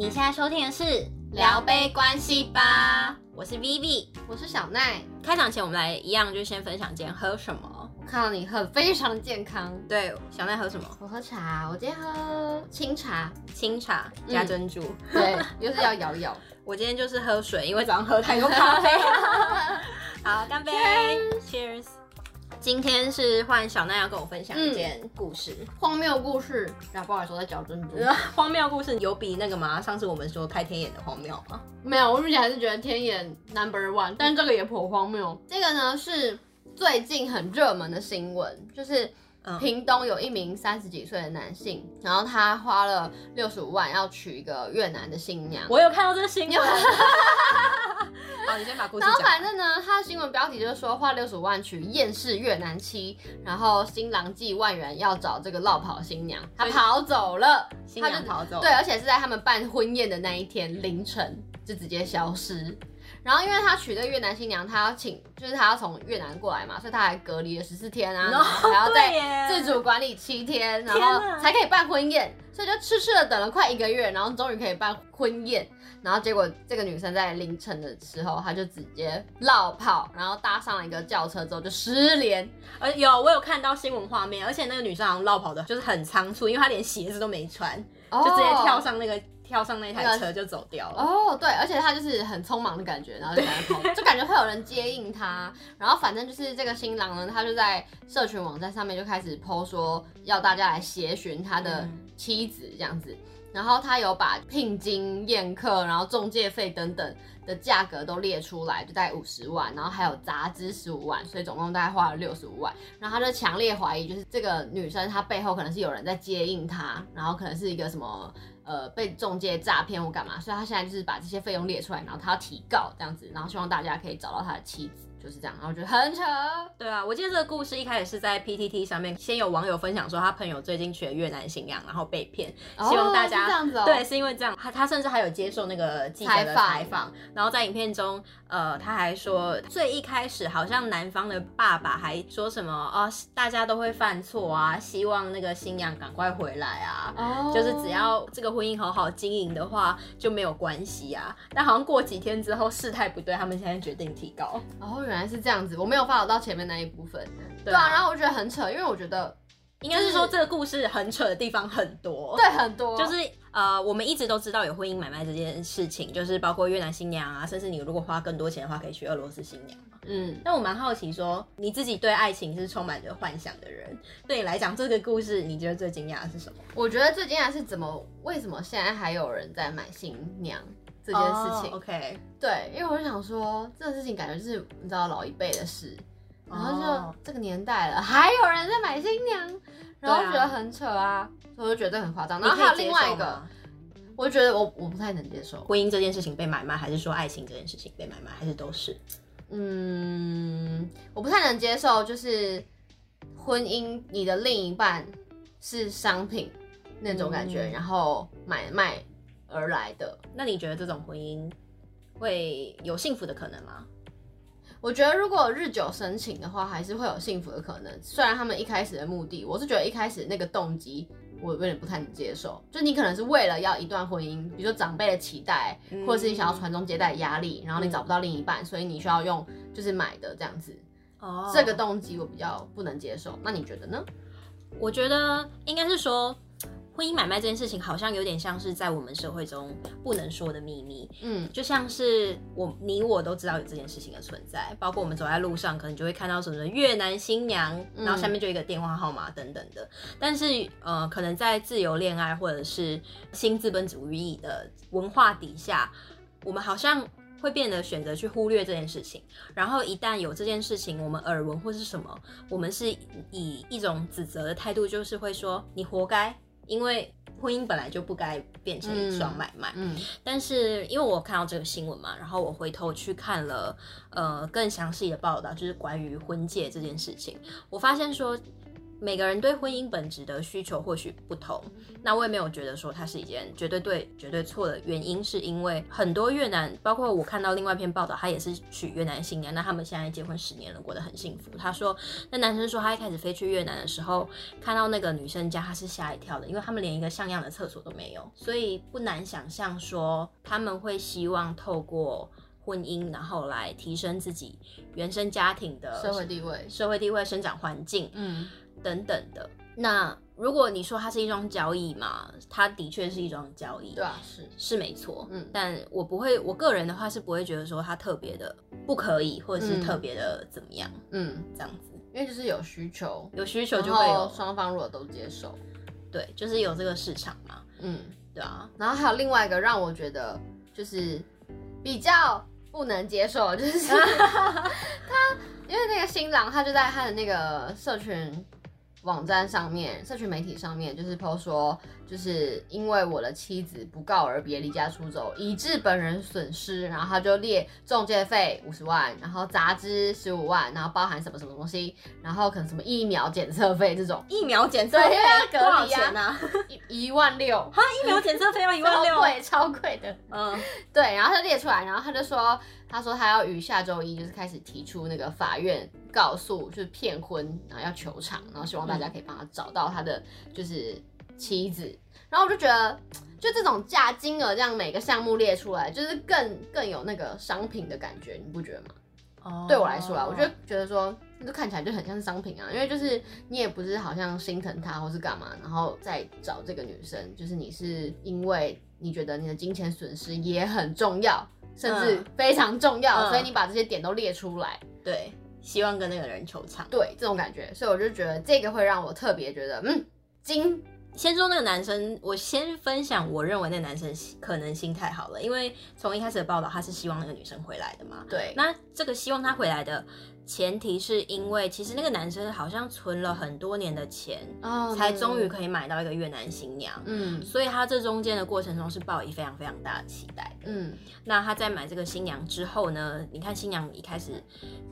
你現在收聽的是《聊杯關係吧》，我是 Vivi，我是小奈。開場前我們來一樣，就先分享今天喝什麼。我看到你喝非常健康，對，小奈喝什麼？我喝茶，我今天喝清茶，清茶加珍珠、嗯， 對，又是要搖一搖。 我今天就是喝水，因為早上喝太多咖啡。 好，乾杯，Cheers, Cheers! 今天是換小娜要跟我分享一件、嗯、故事，荒謬故事。然、啊、後不好意思，我在矯正中。 荒謬故事有比那個嗎？上次我們說開天眼的荒謬嗎？沒有，我目前還是覺得天眼 number one、嗯。但這個也頗荒謬。這個呢是最近很熱門的新聞，就是。屏東有一名三十幾歲的男性，然後他花了六十五萬要娶一個越南的新娘。我有看到這個新聞。 好，你先把故事講。然後反正呢，他的新聞標題就是說，花六十五萬娶厭世越南妻，然後新郎寄萬元要找這個落跑新娘，他跑走了，他就新娘跑走了。對，而且是在他們辦婚宴的那一天凌晨就直接消失。然後因為他娶個越南新娘，他要請，就是他要從越南過來嘛，所以他還隔離了十四天啊，No, 然後再自主管理七天，然後才可以辦婚宴，所以就痴痴的等了快一個月，然後終於可以辦婚宴。然後結果這個女生在凌晨的時候，她就直接落跑，然後搭上了一個轎車之後就失聯。而有我有看到新聞畫面，而且那個女生好像落跑的就是很倉促，因為她連鞋子都沒穿，Oh, 就直接跳上那個。跳上那台車就走掉了、這個、哦，對，而且他就是很匆忙的感覺，然後就跑，就感覺會有人接應他。然後反正就是這個新郎呢，他就在社群網站上面就開始 PO 說要大家來協尋他的妻子這樣子、嗯。然後他有把聘金、宴客、然後中介費等等的價格都列出來，就在五十萬，然後還有雜支十五萬，所以總共大概花了六十五萬。然後他就強烈懷疑，就是這個女生她背後可能是有人在接應她，然後可能是一個什麼。呃，被仲介詐騙或幹嘛，所以他現在就是把這些費用列出來，然後他要提告這樣子，然後希望大家可以找到他的妻子。就是這樣，然後覺得很扯。對啊，我記得這個故事一開始是在 P T T 上面，先有網友分享說他朋友最近娶了越南新娘，然後被騙。希望大家、哦、是這樣子、哦、對，是因為這樣，他他甚至還有接受那個記者的採訪。然後在影片中，呃，他還說、嗯、最一開始好像男方的爸爸還說什麼啊、哦，大家都會犯錯啊，希望那個新娘趕快回來啊、哦。就是只要這個婚姻好好經營的話就沒有關係啊。但好像過幾天之後事態不對，他們現在決定提高。然、哦、後。原來是這樣子，我沒有 follow 到前面那一部分、啊對啊。對啊，然後我覺得很扯，因為我覺得應該是說這個故事很扯的地方很多，就是、對，很多。就是呃，我們一直都知道有婚姻買賣這件事情，就是包括越南新娘啊，甚至你如果花更多錢的話，可以娶俄羅斯新娘嘛。嗯，那我蠻好奇說，說你自己對愛情是充滿着幻想的人，對你來講這個故事，你覺得最驚訝的是什麼？我覺得最驚訝是怎麼，為什麼現在還有人在買新娘？這件事情、oh，OK，對，因為我就想說，這件事情感覺是你知道老一輩的事，oh. 然後就這個年代了，還有人在買新娘，然後覺得很扯啊，啊所以我就覺得很誇張。然後還有另外一個，我覺得我我不太能接受婚姻這件事情被買賣，還是說愛情這件事情被買賣，還是都是，嗯，我不太能接受就是婚姻，你的另一半是商品那種感覺，嗯、然後買賣。而來的，那你覺得這種婚姻會有幸福的可能嗎？我覺得如果日久生情的話，還是會有幸福的可能。雖然他們一開始的目的，我是覺得一開始那個動機，我有點不太能接受。就你可能是為了要一段婚姻，比如說長輩的期待，或者是你想要傳宗接代的壓力。嗯，然後你找不到另一半，所以你需要用就是買的這樣子。哦，這個動機我比較不能接受。那你覺得呢？我覺得應該是說。婚姻買賣這件事情，好像有點像是在我們社會中不能說的秘密。嗯，就像是我、你、我都知道有這件事情的存在，包括我們走在路上，可能就會看到什麼越南新娘，嗯，然後下面就一個電話號碼等等的。但是，呃，可能在自由戀愛或者是新資本主義的文化底下，我們好像會變得選擇去忽略這件事情。然後，一旦有這件事情，我們耳聞或是什麼，我們是以一種指責的態度，就是會說：“你活該。”因為婚姻本來就不該變成一樁買賣，嗯，但是因為我看到這個新聞嘛，然後我回頭去看了呃更詳細的報道，就是關於婚介這件事情，我發現說。每個人對婚姻本質的需求或許不同，那我也沒有覺得說它是一件絕對對、絕對錯的原因，是因為很多越南，包括我看到另外一篇報道，他也是娶越南新娘，那他們現在結婚十年了，過得很幸福。他說，那男生說他一開始飛去越南的時候，看到那個女生家，他是嚇一跳的，因為他們連一個像樣的廁所都沒有，所以不難想象說他們會希望透過婚姻，然後來提升自己原生家庭的社，社會地位、社會地位、生長環境。嗯。等等的，那如果你說它是一樁交易嘛，它的確是一樁交易，對啊，是是沒錯，嗯，但我不會，我個人的話是不會覺得說它特別的不可以，或者是特別的怎麼樣，嗯，這樣子，因為就是有需求，有需求就會有雙方，如果都接受，對，就是有這個市場嘛，嗯，對啊，然後還有另外一個讓我覺得就是比較不能接受，就是 他，因為那個新郎他就在他的那個社群。網站上面、社群媒體上面，就是 Po 說，就是因為我的妻子不告而別、離家出走，以致本人損失，然後他就列中介費五十萬，然後雜志十五萬，然後包含什麼什麼東西，然後可能什麼疫苗檢測費這種，疫苗檢測費多少錢呢、啊？一萬六他疫苗檢測費要一萬六，超貴超貴的，嗯，對，然後他就列出來，然後他就說。他說他要於下周一，就是開始提出那個法院告訴，就是騙婚，然後要求償，然後希望大家可以幫他找到他的就是妻子。然後我就覺得，就這種價金額這樣，每個項目列出來，就是更更有那個商品的感覺，你不覺得嗎？哦、oh.，對我來說啊，我就覺得說，那就看起來就很像是商品啊，因為就是你也不是好像心疼他或是幹嘛，然後再找這個女生，就是你是因為你覺得你的金錢損失也很重要。甚至非常重要、嗯，所以你把這些點都列出來。嗯、對，希望跟那個人求場，對，這種感覺，所以我就覺得這個會讓我特別覺得，嗯，今，先說那個男生，我先分享，我認為那個男生可能心太好了，因為從一開始的報道，他是希望那個女生回來的嘛。對，那這個希望他回來的。前提是因為其實那個男生，好像存了很多年的錢，oh, 才終於可以買到一個越南新娘。嗯，所以他這中間的過程中是抱以非常非常大的期待的。嗯，那他在買這個新娘之後呢？你看新娘一開始，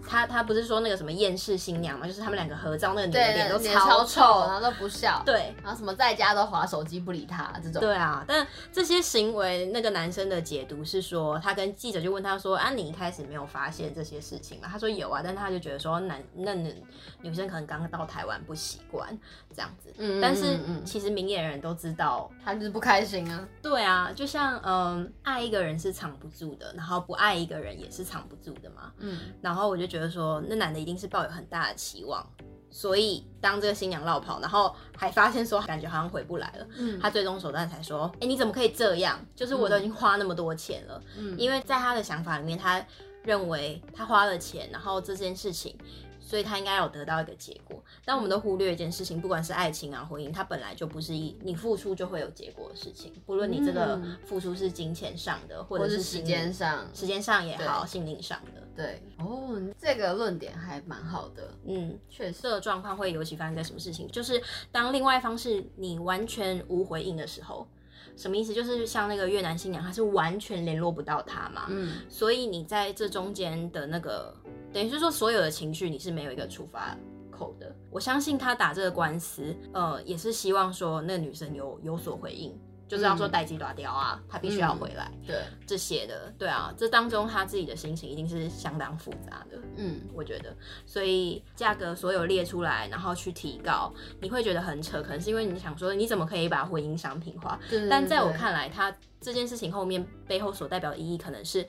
他他不是說那個什麼厭世新娘嘛？就是他們兩個合照，那個女的臉臉都超醜，然後都不笑。對，然後什麼在家都划手機不理他、啊、這種。對啊，但這些行為，那個男生的解讀是說，他跟記者就問他說：“啊，你一開始沒有發現這些事情嗎？”他說：“有啊，但他。”他就覺得說男，男那女，女生可能剛剛到台灣不習慣這樣子，嗯，但是、嗯、其實明眼人都知道，他就是不開心啊。對啊，就像嗯，愛一個人是藏不住的，然後不愛一個人也是藏不住的嘛。嗯，然後我就覺得說，那男的一定是抱有很大的期望，所以當這個新娘落跑，然後還發現說感覺好像回不來了，嗯，他最終手段才說，哎、欸，你怎麼可以這樣？就是我都已經花那麼多錢了，嗯，因為在他的想法裡面，他。認為他花了錢，然後這件事情，所以他應該有得到一個結果。但我們都忽略一件事情，不管是愛情啊、婚姻，它本來就不是一你付出就會有結果的事情。不論你這個付出是金錢上的，嗯、或者是，或是時間上，時間上也好，心靈上的。對哦，這個論點還蠻好的。嗯，血色狀況會尤其發生在什麼事情？就是當另外一方是你完全無回應的時候。什麼意思？就是像那個越南新娘，她是完全聯絡不到他嘛，嗯，所以你在這中間的那個，等於是說所有的情緒你是沒有一個出發口的。我相信他打這個官司，呃，也是希望說那個女生有有所回應。就是要說代誌大條啊，嗯，他必須要回來，嗯。對，這些的，對啊，這當中他自己的心情一定是相當複雜的。嗯，我覺得，所以價格所有列出來，然後去提高，你會覺得很扯。可能是因為你想說，你怎麼可以把婚姻商品化對？但在我看來，他這件事情後面背後所代表的意義，可能是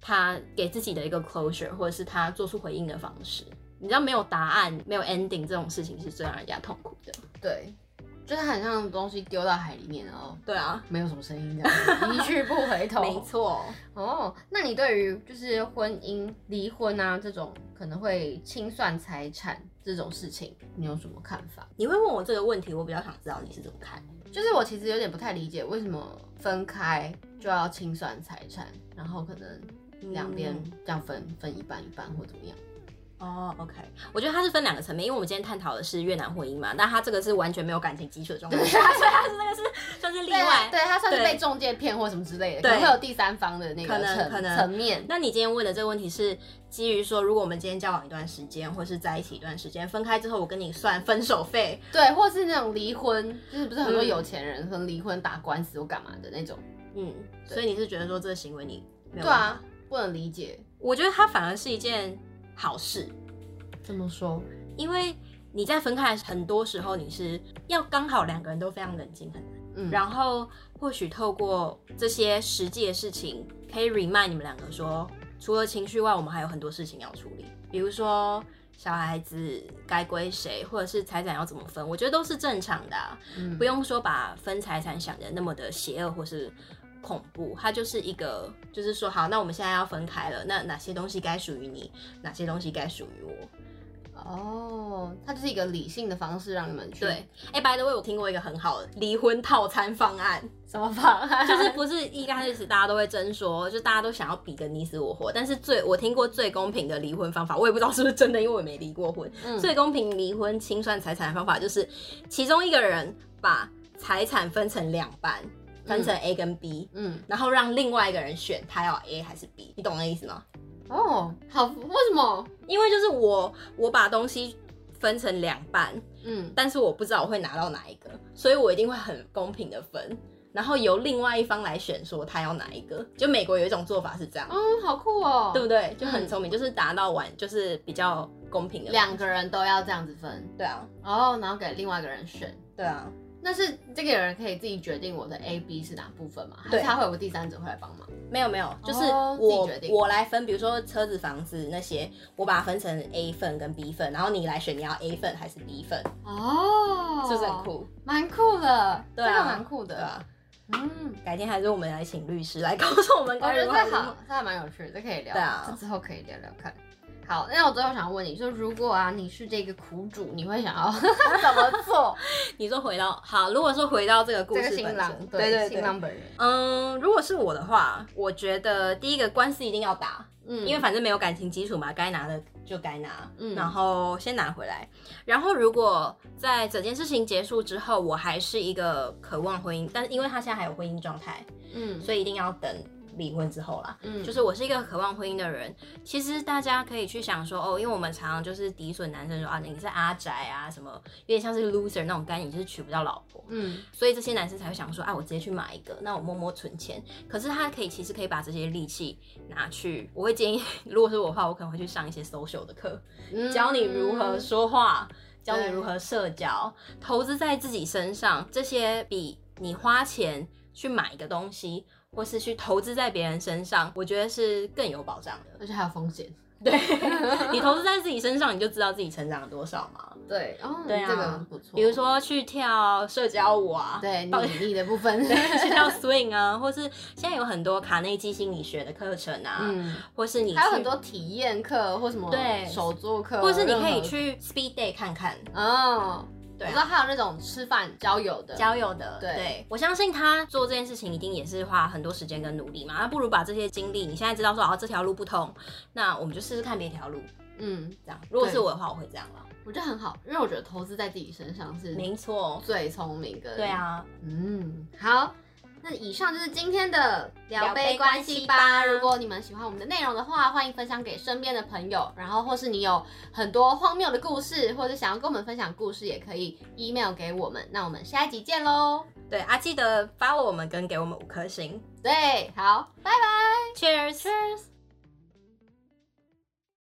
他給自己的一個 closure，或者是他做出回應的方式。你知道，沒有答案，沒有 ending 這種事情是最讓人家痛苦的。對。就是很像東西丟到海裡面哦，對啊，沒有什麼聲音，這樣一去不回頭。 沒錯，哦、oh,，那你對於就是婚姻離婚啊這種可能會清算財產這種事情，你有什麼看法？你會問我這個問題，我比較想知道你是怎麼看。就是我其實有點不太理解，為什麼分開就要清算財產，然後可能兩邊這樣分、嗯、分一半一半，或怎麼樣？哦、oh,，OK，我覺得它是分兩個層面，因為我們今天探討的是越南婚姻嘛，那他這個是完全沒有感情基礎的狀態，所以他是那個是算是例外，對,對,對他算是被中介騙或什麼之類的，對可能會有第三方的那個層層面。那你今天問的這個問題是基於說，如果我們今天交往一段時間，或是在一起一段時間，分開之後我跟你算分手費，對，或是那種離婚，就是不是很多有錢人說離婚打官司或幹嘛的那種，嗯，所以你是覺得說這個行為你對啊，不能理解，我覺得他反而是一件。好事，怎麼說？因為你在分開的時候，很多時候你是要剛好兩個人都非常冷靜，很難，嗯，然後或許透過這些實際的事情，可以 remind 你們兩個說，除了情緒外，我們還有很多事情要處理，比如說小孩子該歸誰，或者是財產要怎麼分，我覺得都是正常的啊，嗯，不用說把分財產想的那麼的邪惡，或是。恐怖，它就是一個，就是說，好，那我們現在要分開了，那哪些東西該屬於你，哪些東西該屬於我？哦，它就是一個理性的方式讓你們去。對，哎、欸、，by the way，我聽過一個很好的離婚套餐方案，什麼方案？就是不是一開始大家都會爭說，就大家都想要比個你死我活，但是最我聽過最公平的離婚方法，我也不知道是不是真的，因為我沒離過婚、嗯。最公平離婚清算財產的方法就是，其中一個人把財產分成兩半。分成 A 跟 B，嗯，嗯，然後讓另外一個人選，他要 A 還是 B，你懂我的意思嗎？哦，好，為什麼？因為就是我我把東西分成兩半，嗯，但是我不知道我會拿到哪一個，所以我一定會很公平的分，然後由另外一方來選，說他要哪一個。就美國有一種做法是這樣，嗯，好酷哦，對不對？就很聰明，嗯，就是達到完就是比較公平的，兩個人都要這樣子分，對啊，哦，然後給另外一個人選，對啊。那是這個有人可以自己決定我的 A B 是哪部分嗎？對，還是他會有個第三者會來幫忙。沒有沒有，oh, 就是我自己決定，我來分。比如說車子、房子那些，我把它分成 A 份跟 B 份，然後你來選你要 A 份還是 B 份。哦，是不是很酷，蠻酷的，對啊、這個蠻酷的、啊啊。嗯，改天還是我們來請律師來告訴我們人。我覺得最好，這還蠻有趣的，這可以聊。對啊，這之後可以聊聊看。好，那我最後想問你，說如果啊，你是這個苦主，你會想要 怎麼做？你說回到好，如果說回到這個故事本身，這個新郎，對對,對,對，新郎本人。嗯，如果是我的話，我覺得第一個官司一定要打，嗯，因為反正沒有感情基礎嘛，該拿的就該拿，嗯，然後先拿回來。然後如果在整件事情結束之後，我還是一個渴望婚姻，但因為他現在還有婚姻狀態，嗯，所以一定要等。離婚之後啦，嗯，就是我是一個渴望婚姻的人。其實大家可以去想說，哦，因為我們常常就是詆損男生說啊，你是阿宅啊，什麼有點像是 loser 那種幹你就是娶不到老婆，嗯，所以這些男生才會想說，啊，我直接去買一個，那我默默存錢。可是他可以，其實可以把這些力氣拿去。我會建議，如果是我的話，我可能會去上一些 social 的課，教你如何說話，嗯、教你如何社交，嗯、投資在自己身上，這些比你花錢去買一個東西。或是去投資在別人身上，我覺得是更有保障的，而且還有風險。對 你投資在自己身上，你就知道自己成長了多少嘛。對，哦，對啊、這個不錯，比如說去跳社交舞啊，嗯、對，你體力的部分 去跳 swing 啊，或是現在有很多卡內基心理學的課程啊、嗯，或是你還有很多體驗課或什麼對手作課，或是你可以去 speed day 看看哦對啊、我覺得還有那種吃飯交友的交友的，對，對我相信他做這件事情一定也是花很多時間跟努力嘛，那不如把這些精力，你現在知道說啊這條路不通，那我們就試試看別條路，嗯，這樣。如果是我的話，我會這樣了。我覺得很好，因為我覺得投資在自己身上是沒錯，最聰明的。對啊，嗯，好。那以上就是今天的聊杯關係吧，吧。如果你們喜歡我們的內容的話，歡迎分享給身邊的朋友。然後，或是你有很多荒謬的故事，或者想要跟我們分享故事，也可以 email 給我們。那我們下一集見嘍。對啊，記得 follow 我們跟給我們五顆星。對，好，拜拜，Cheers，Cheers。Cheers。